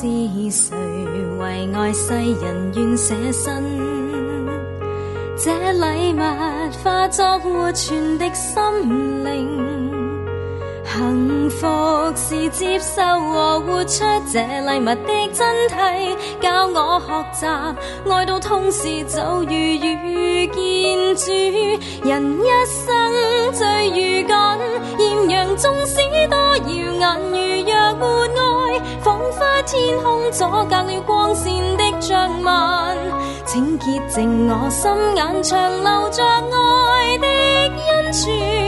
是誰為愛世人願捨身？這禮物化作活泉的心靈。幸福是接受和活出這禮物的真諦，教我學習愛到痛時，就如遇見主。人一生最如緊，艷陽縱使多耀眼，如若活愛，仿佛天空阻隔了光線的將慢。請潔淨我心眼，長留着愛的恩泉。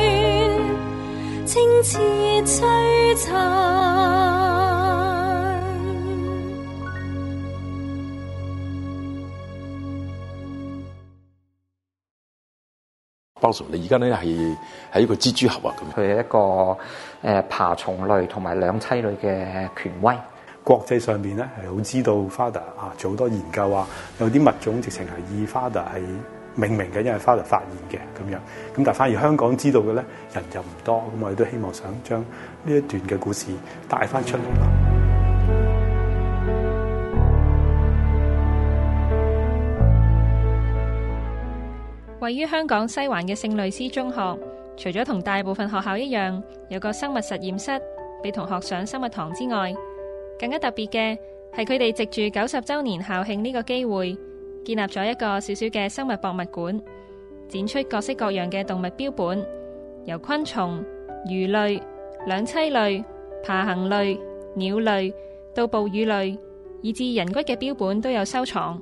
包叔，你而家咧係喺一個蜘蛛俠咁。佢係一個誒、呃、爬蟲類同埋兩棲類嘅權威，國際上邊咧係好知道 father 啊，做好多研究啊，有啲物種直情係以 father 係命名嘅，因為花律發現嘅咁樣，咁但是反而香港知道嘅呢人就唔多，咁我哋都希望想將呢一段嘅故事帶翻出嚟啦。嗯、位於香港西環嘅聖類斯中學，除咗同大部分學校一樣有個生物實驗室俾同學上生物堂之外，更加特別嘅係佢哋藉住九十週年校慶呢個機會。建立咗一個小小嘅生物博物館，展出各式各樣嘅動物標本，由昆蟲、魚類、兩棲類、爬行類、鳥類到哺乳類，以至人骨嘅標本都有收藏。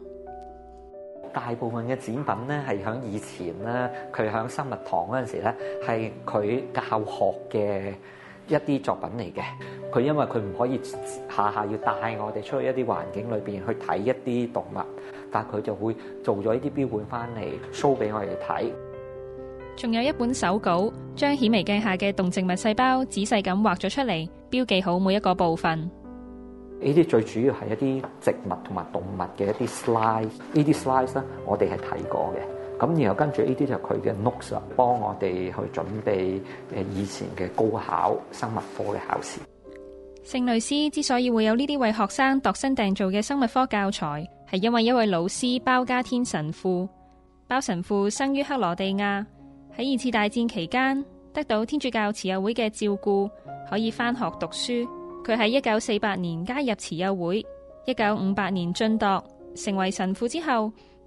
大部分嘅展品咧係響以前咧，佢響生物堂嗰陣時咧，係佢教學嘅。一啲作品嚟嘅，佢因為佢唔可以下下要帶我哋出去一啲環境裏邊去睇一啲動物，但係佢就會做咗一啲標本翻嚟 show 俾我哋睇。仲有一本手稿，將顯微鏡下嘅動植物細胞仔細咁畫咗出嚟，標記好每一個部分。呢啲最主要係一啲植物同埋動物嘅一啲 slide，呢啲 slide 咧，我哋係睇過嘅。咁然後跟住呢啲就係佢嘅 notes，幫我哋去準備誒以前嘅高考生物科嘅考試。聖類斯之所以會有呢啲為學生度身訂造嘅生物科教材，係因為一位老師包家天神父。包神父生於克羅地亞，喺二次大戰期間得到天主教慈幼會嘅照顧，可以翻學讀書。佢喺一九四八年加入慈幼會，一九五八年晉鐸，成為神父之後。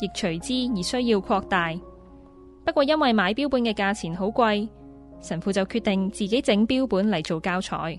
亦隨之而需要擴大的大，不過因為買標本嘅價錢好貴，神父就決定自己整標本嚟做教材。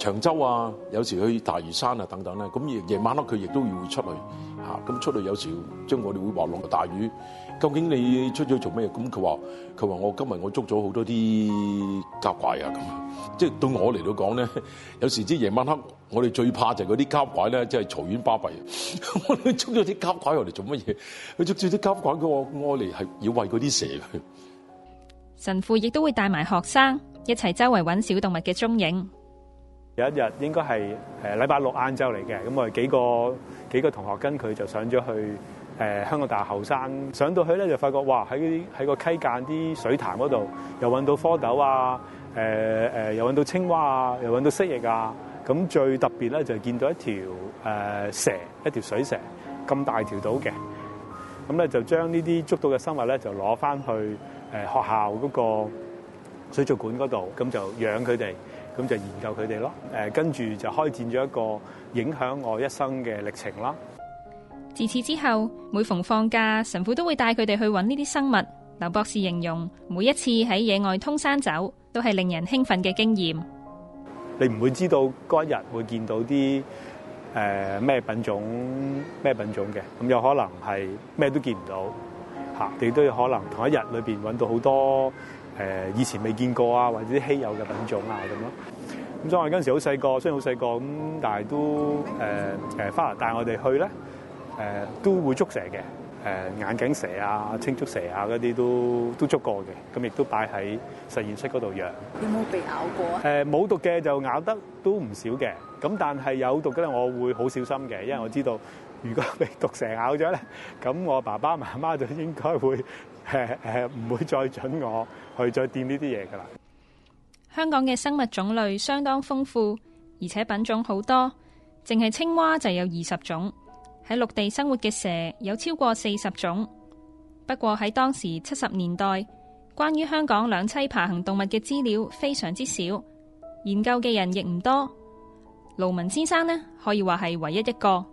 長洲啊，有時去大嶼山啊，等等咧。咁夜晚黑佢亦都要出去。嚇、啊。咁出去，有時將我哋會話落大雨。究竟你出咗做咩？咁佢話：佢話我今日我捉咗好多啲甲怪啊。咁即係對我嚟到講咧，有時啲夜晚黑我哋最怕就係嗰啲甲怪咧，即係嘈喧巴閉。我哋捉咗啲甲怪入嚟做乜嘢？佢捉住啲甲怪叫我我嚟係要餵嗰啲蛇。神父亦都會帶埋學生一齊周圍揾小動物嘅蹤影。有一日應該係誒禮拜六晏晝嚟嘅，咁我哋幾個幾個同學跟佢就上咗去誒、呃、香港大學後山，上到去咧就發覺哇，喺啲喺個溪澗啲水潭嗰度，又搵到蝌蚪啊，誒、呃、誒、呃、又搵到青蛙啊，又搵到蜥蜴啊，咁最特別咧就見到一條誒、呃、蛇，一條水蛇咁大條到嘅，咁咧就將呢啲捉到嘅生物咧就攞返去誒、呃、學校嗰個水族館嗰度，咁就養佢哋。咁就研究佢哋咯，跟住就開展咗一個影響我一生嘅歷程啦。自此之後，每逢放假，神父都會帶佢哋去揾呢啲生物。劉博士形容每一次喺野外通山走，都係令人興奮嘅經驗。你唔會知道嗰一日會見到啲誒咩品種咩品種嘅，咁有可能係咩都見唔到嚇。你都有可能同一日裏面揾到好多。誒以前未見過啊，或者啲稀有嘅品種啊，咁咯。咁所以我嗰陣時好細個，雖然好細個咁，但係都誒誒，返嚟帶我哋去咧，誒都會捉蛇嘅，誒眼鏡蛇啊、青竹蛇啊嗰啲都都捉過嘅。咁亦都擺喺實驗室嗰度養。有冇被咬過啊？誒冇毒嘅就咬得都唔少嘅，咁但係有毒嘅咧我會好小心嘅，因為我知道如果被毒蛇咬咗咧，咁我爸爸媽媽就應該會誒誒唔會再準我去再掂呢啲嘢噶啦！香港嘅生物種類相當豐富，而且品種好多。淨係青蛙就有二十種，喺陸地生活嘅蛇有超過四十種。不過喺當時七十年代，關於香港兩棲爬行動物嘅資料非常之少，研究嘅人亦唔多。盧文先生呢，可以話係唯一一個。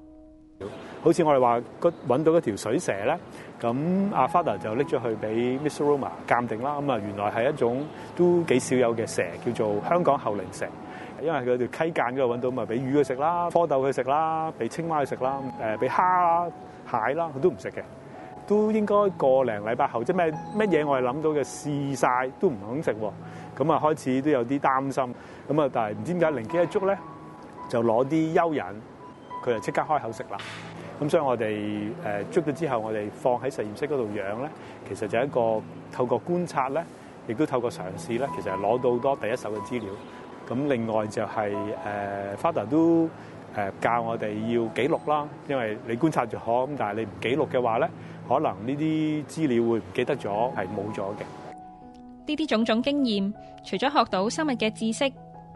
好似我哋話搵到一條水蛇咧。咁阿 father 就拎咗去俾 Miss Roma 鑑定啦，咁啊原來係一種都幾少有嘅蛇，叫做香港後靈蛇。因為佢條溪澗嗰度搵到，咪俾魚佢食啦，蝌蚪佢食啦，俾青蛙佢食啦，誒俾蝦、蟹啦，佢都唔食嘅。都應該過個零禮拜後，即係咩咩嘢我哋諗到嘅試晒都唔肯食喎。咁啊開始都有啲擔心，咁啊但係唔知點解靈機一觸咧，就攞啲蚯蚓，佢就即刻開口食啦。咁所以我哋誒捉咗之後，我哋放喺實驗室嗰度養咧，其實就一個透過觀察咧，亦都透過嘗試咧，其實係攞到好多第一手嘅資料。咁另外就係誒 father 都誒教我哋要記錄啦，因為你觀察就好，咁但係你唔記錄嘅話咧，可能呢啲資料會唔記得咗，係冇咗嘅。呢啲種種經驗，除咗學到生物嘅知識，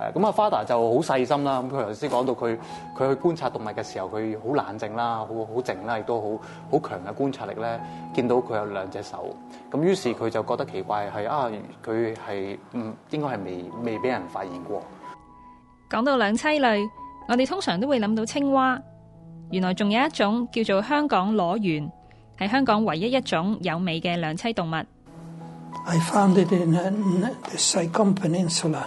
誒咁啊，Father 就好細心啦。咁佢頭先講到佢佢去觀察動物嘅時候，佢好冷靜啦，好好靜啦，亦都好好強嘅觀察力咧。見到佢有兩隻手，咁於是佢就覺得奇怪係啊，佢係唔應該係未未俾人發現過。講到兩棲類，我哋通常都會諗到青蛙。原來仲有一種叫做香港裸螈，係香港唯一一種有尾嘅兩棲動物。I found it in the Sai Kung Peninsula.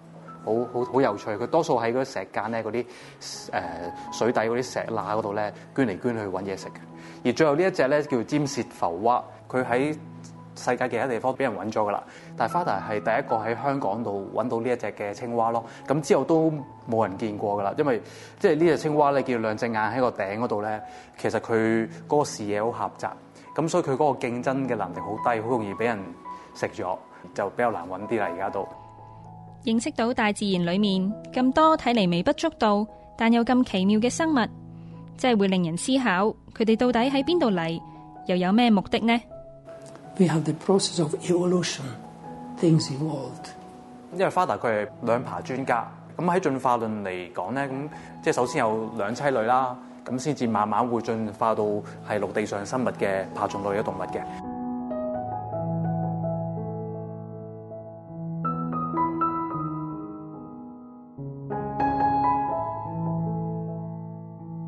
好好好有趣，佢多數喺嗰石間咧，嗰啲誒水底嗰啲石罅嗰度咧，捐嚟捐去揾嘢食嘅。而最後一隻呢一隻咧叫尖舌浮蛙，佢喺世界其他地方俾人揾咗噶啦。但係 Father 係第一個喺香港度揾到呢一隻嘅青蛙咯。咁之後都冇人見過噶啦，因為即係呢隻青蛙咧，叫兩隻眼喺個頂嗰度咧，其實佢嗰個視野好狹窄，咁所以佢嗰個競爭嘅能力好低，好容易俾人食咗，就比較難揾啲啦。而家都。認識到大自然裏面咁多睇嚟，微不足道，但又咁奇妙嘅生物，真係會令人思考佢哋到底喺邊度嚟，又有咩目的呢？We have the process of evolution, things evolved。因為 father 佢係兩爬專家，咁喺進化論嚟講呢，咁即係首先有兩棲類啦，咁先至慢慢會進化到係陸地上生物嘅爬蟲類嘅動物嘅。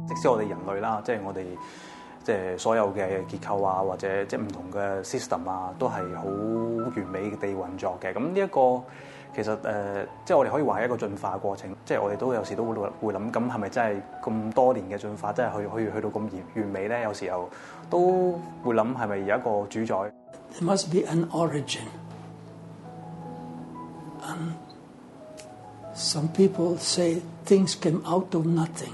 即使我哋人類啦，即係我哋即係所有嘅結構啊，或者即係唔同嘅 system 啊，都係好完美地運作嘅。咁呢一個其實誒、呃，即係我哋可以話係一個進化過程。即係我哋都有時都會會諗，咁係咪真係咁多年嘅進化，真係去去去到咁完完美咧？有時候都會諗，係咪有一個主宰？There must be an origin. And some people say things came out of nothing.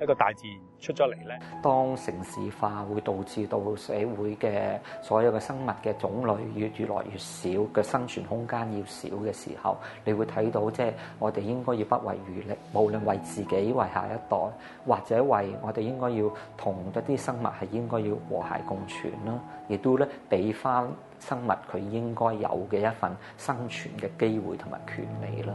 一個大自然出咗嚟咧，當城市化會導致到社會嘅所有嘅生物嘅種類越越來越少嘅生存空間要少嘅時候，你會睇到即係我哋應該要不遺餘力，無論為自己、為下一代，或者為我哋應該要同一啲生物係應該要和諧共存啦，亦都咧俾翻生物佢應該有嘅一份生存嘅機會同埋權利啦。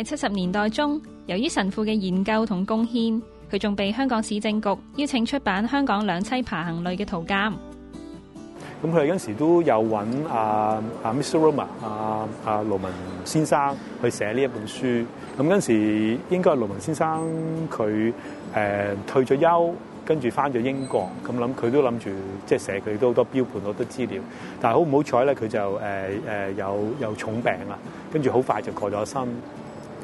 喺七十年代中，由於神父嘅研究同貢獻，佢仲被香港市政局邀請出版香港兩棲爬行類嘅圖鑑。咁佢嗰陣時都有揾阿阿 Mr. Roma 阿阿盧文先生去寫呢一本書。咁嗰陣時候應該係盧文先生佢誒、呃、退咗休，跟住翻咗英國，咁諗佢都諗住即係寫佢都好多標本好多資料，但係好唔好彩咧？佢就誒誒、呃呃、有有重病啦，跟住好快就過咗身。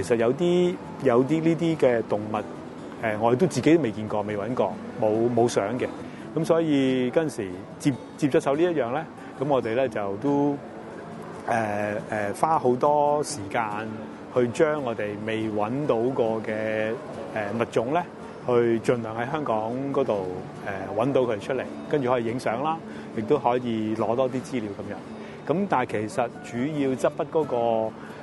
其實有啲有啲呢啲嘅動物，誒、呃，我哋都自己都未見過，未揾過，冇冇相嘅。咁所以嗰陣時接接咗手呢一樣咧，咁我哋咧就都誒誒、呃呃、花好多時間去將我哋未揾到過嘅誒、呃、物種咧，去盡量喺香港嗰度誒揾到佢出嚟，跟住可以影相啦，亦都可以攞多啲資料咁樣。咁但係其實主要執筆嗰、那個。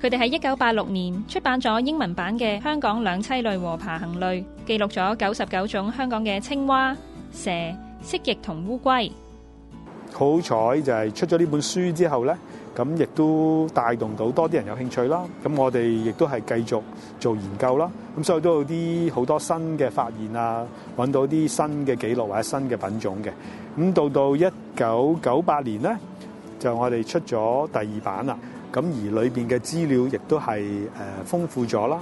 佢哋喺一九八六年出版咗英文版嘅《香港兩棲類和爬行類》，記錄咗九十九種香港嘅青蛙、蛇、蜥蜴同烏龜。好彩就係出咗呢本書之後咧，咁亦都帶動到多啲人有興趣啦。咁我哋亦都係繼續做研究啦。咁所以都有啲好多新嘅發現啊，揾到啲新嘅記錄或者新嘅品種嘅。咁到到一九九八年咧，就我哋出咗第二版啦。咁而裏邊嘅資料亦都係誒、呃、豐富咗啦，誒、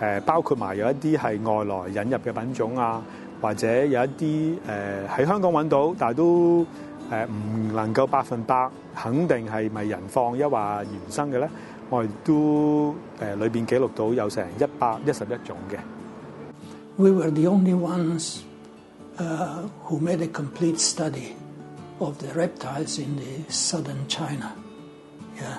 呃、包括埋有一啲係外來引入嘅品種啊，或者有一啲誒喺香港揾到，但都誒唔、呃、能夠百分百肯定係咪人放一話原生嘅咧，我哋都誒裏邊記錄到有成一百一十一種嘅。We were the only ones、uh, who made a complete study of the reptiles in the southern China. Yeah.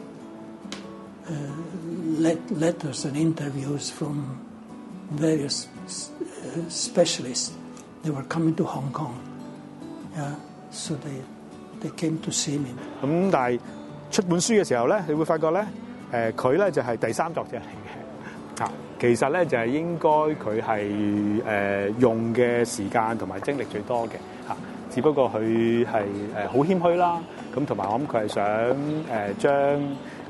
咁但係出本書嘅時候咧，你會發覺咧，誒佢咧就係第三作者嚟嘅嚇。其實咧就係應該佢係誒用嘅時間同埋精力最多嘅嚇。只不過佢係誒好謙虛啦，咁同埋我諗佢係想誒將。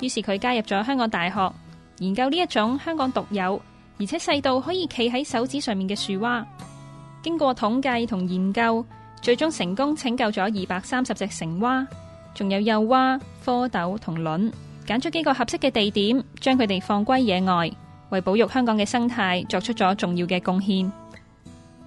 於是佢加入咗香港大學研究呢一種香港獨有而且細到可以企喺手指上面嘅樹蛙。經過統計同研究，最終成功拯救咗二百三十隻成蛙，仲有幼蛙、蝌蚪同卵。揀咗幾個合適嘅地點，將佢哋放歸野外，為保育香港嘅生態作出咗重要嘅貢獻。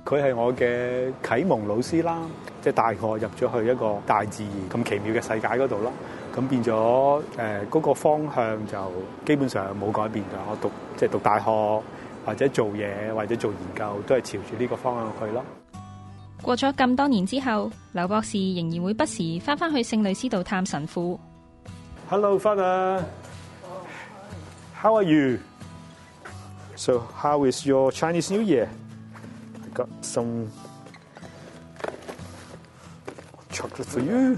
佢係我嘅啟蒙老師啦，即係帶我入咗去一個大自然咁奇妙嘅世界嗰度咯。咁變咗誒，嗰個方向就基本上冇改變嘅。我讀即係讀大學，或者做嘢，或者做研究，都係朝住呢個方向去咯。過咗咁多年之後，劉博士仍然會不時翻返去聖女師度探神父。Hello，Fana，How are you？So, how is your Chinese New Year？I got some chocolate for you.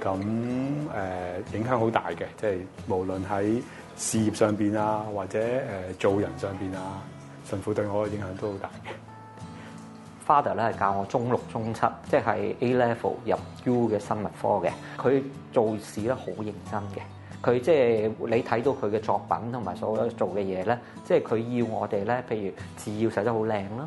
咁誒影響好大嘅，即係無論喺事業上邊啊，或者誒、呃、做人上邊啊，神父對我嘅影響都好大嘅。Father 咧係教我中六中七，即、就、係、是、A level 入 U 嘅生物科嘅，佢做事咧好認真嘅，佢即係你睇到佢嘅作品同埋所有做嘅嘢咧，即係佢要我哋咧，譬如字要寫得好靚啦。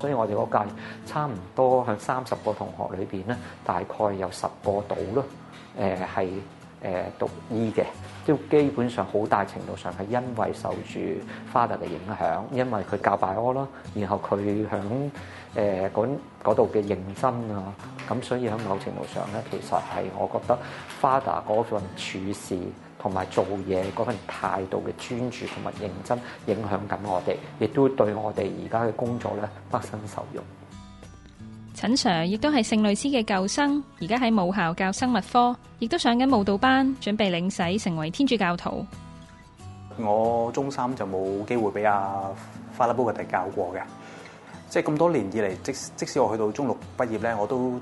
所以我哋嗰屆差唔多響三十個同學裏面，咧，大概有十個到咯，係誒讀醫嘅，都基本上好大程度上係因為受住 Father 嘅影響，因為佢教拜柯咯，然後佢響嗰度嘅認真啊，咁所以喺某程度上咧，其實係我覺得 Father 嗰份處事，同埋做嘢嗰份態度嘅專注同埋認真，影響緊我哋，亦都對我哋而家嘅工作咧，不生受用。陳 sir 亦都係聖律師嘅舊生，而家喺母校教生物科，亦都上緊舞蹈班，準備領洗成為天主教徒。我中三就冇機會俾阿、啊、法拉 a b b 教過嘅，即係咁多年以嚟，即即使我去到中六畢業咧，我都。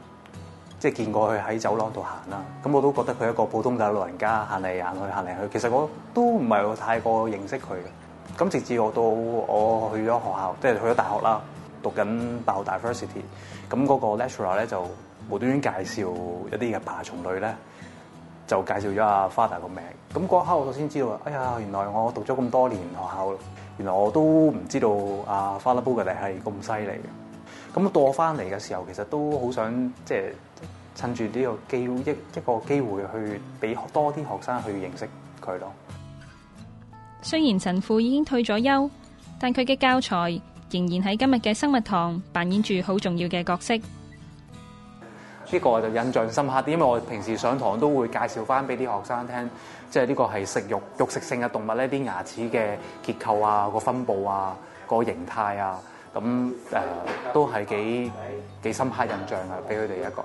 即係見過佢喺走廊度行啦，咁我都覺得佢一個普通嘅老人家行嚟行去行嚟去，其實我都唔係太過認識佢嘅。咁直至我到我去咗學校，即係去咗大學啦，讀緊大學大 first year 咁嗰個 lecturer 咧就無端端介紹一啲嘅爬蟲類咧，就介紹咗阿 Father 個名。咁嗰刻我先知道，哎呀，原來我讀咗咁多年學校，原來我都唔知道阿 Father Bugatti 係咁犀利嘅。咁我到翻嚟嘅時候，其實都好想即係。趁住呢個機會一一個機會去俾多啲學生去認識佢咯。雖然陳父已經退咗休，但佢嘅教材仍然喺今日嘅生物堂扮演住好重要嘅角色。呢個就印象深刻啲，因為我平時上堂都會介紹翻俾啲學生聽，即係呢個係食肉肉食性嘅動物，呢啲牙齒嘅結構啊、個分布啊、個形態啊，咁、呃、誒都係幾幾深刻的印象啊，俾佢哋一個。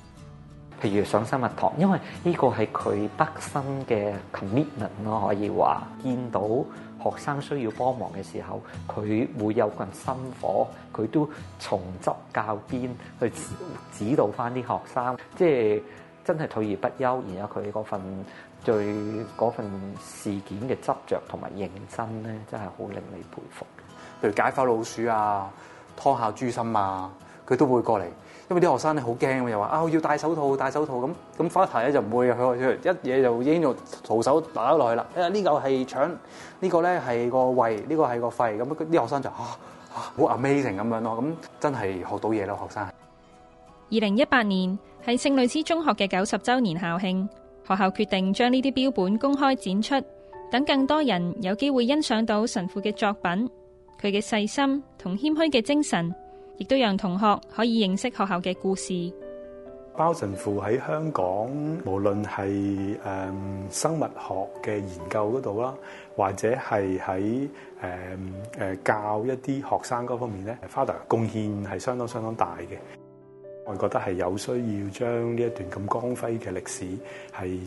譬如上生物堂，因為呢個係佢畢生嘅 commitment 咯，可以話見到學生需要幫忙嘅時候，佢會有個人心火，佢都從執教鞭去指導翻啲學生，即係真係退而不休。然後佢嗰份對嗰份事件嘅執着同埋認真咧，真係好令你佩服。譬如解剖老鼠啊，劏烤豬心啊，佢都會過嚟。因為啲學生咧好驚，又話啊要戴手套，戴手套咁咁翻台咧就唔會，佢。一嘢就已經用徒手打落去啦，哎，這個這個這個這個。啊，呢嚿係腸，呢個咧係個胃，呢個係個肺。咁啲學生就啊，好 amazing 咁樣咯。咁真係學到嘢啦，學生。二零一八年係聖類斯中學嘅九十周年校慶，學校決定將呢啲標本公開展出，等更多人有機會欣賞到神父嘅作品，佢嘅細心同謙虛嘅精神。亦都讓同學可以認識學校嘅故事。包神父喺香港，無論係誒生物學嘅研究嗰度啦，或者係喺誒誒教一啲學生嗰方面咧，Father 貢獻係相當相當大嘅。我哋覺得係有需要將呢一段咁光輝嘅歷史，係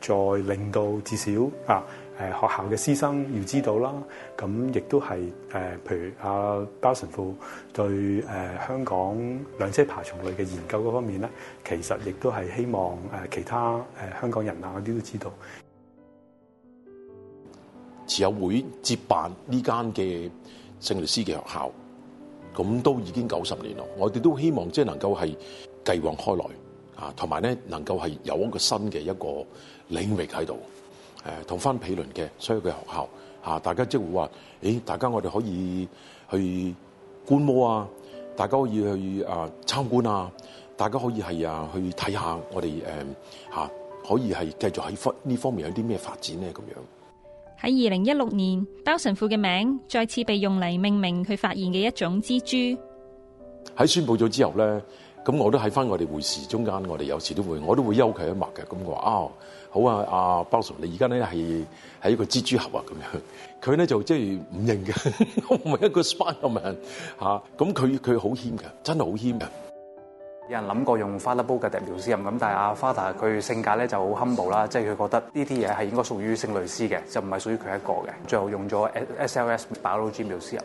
誒再令到至少啊。誒學校嘅師生要知道啦，咁亦都係誒，譬如阿包神父對誒香港兩車爬蟲類嘅研究嗰方面咧，其實亦都係希望誒其他誒香港人啊嗰啲都知道。慈幼會接辦呢間嘅聖律師嘅學校，咁都已經九十年咯。我哋都希望即係能夠係繼往開來啊，同埋咧能夠係有一個新嘅一個領域喺度。誒同翻毗鄰嘅，所有嘅學校嚇，大家即會話，誒、哎、大家我哋可以去觀摩啊，大家可以去啊參觀啊，大家可以係啊去睇下我哋誒嚇，可以係繼續喺忽呢方面有啲咩發展咧咁樣。喺二零一六年，包神父嘅名再次被用嚟命名佢發現嘅一種蜘蛛。喺宣布咗之後咧。咁我都喺翻我哋會事中間，我哋有時都會，我都會休佢一脈嘅。咁我話啊，好啊，阿包叔你而家咧係喺一個蜘蛛俠啊咁樣。佢咧就即係唔認嘅，我唔係一個 Spiderman 嚇。咁佢佢好謙嘅，真係好謙嘅。有人諗過用 f a b o b 嘅療師啊，咁但係阿 Father 佢性格咧就好 humble 啦，即係佢覺得呢啲嘢係應該屬於聖類斯嘅，就唔係屬於佢一個嘅。最後用咗 SLS Biology 療師啊。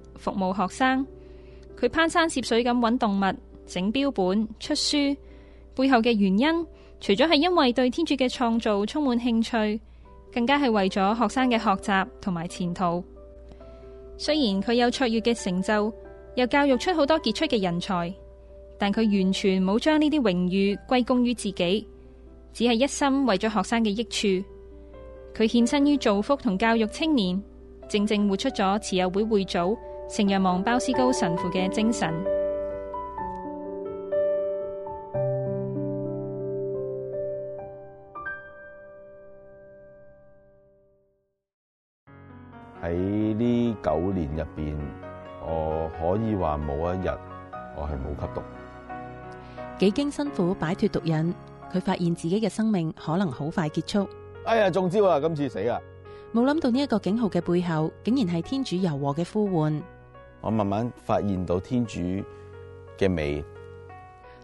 服務學生，佢攀山涉水咁揾動物整標本出書，背後嘅原因除咗係因為對天主嘅創造充滿興趣，更加係為咗學生嘅學習同埋前途。雖然佢有卓越嘅成就，又教育出好多傑出嘅人才，但佢完全冇將呢啲榮譽歸功於自己，只係一心為咗學生嘅益處。佢獻身於造福同教育青年，正正活出咗慈幼會會組。成若望鮑思高神父嘅精神，喺呢九年入邊，我可以話冇一日我係冇吸毒。幾經辛苦擺脫毒癮，佢發現自己嘅生命可能好快結束。哎呀，中招啊，今次死啊！冇諗到呢一個警號嘅背後，竟然係天主柔和嘅呼喚。我慢慢發現到天主嘅美。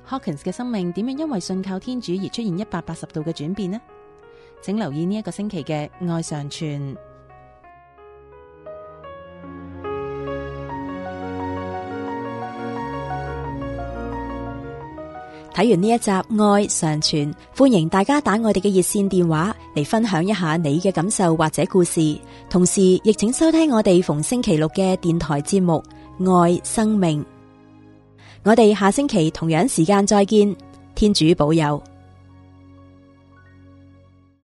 Hawkins 嘅生命點樣因為信靠天主而出現一百八十度嘅轉變呢？請留意呢一個星期嘅愛常傳。睇完呢一集《愛常存》，歡迎大家打我哋嘅熱線電話嚟分享一下你嘅感受或者故事，同時亦請收聽我哋逢星期六嘅電台節目《愛生命》。我哋下星期同樣時間再見，天主保佑。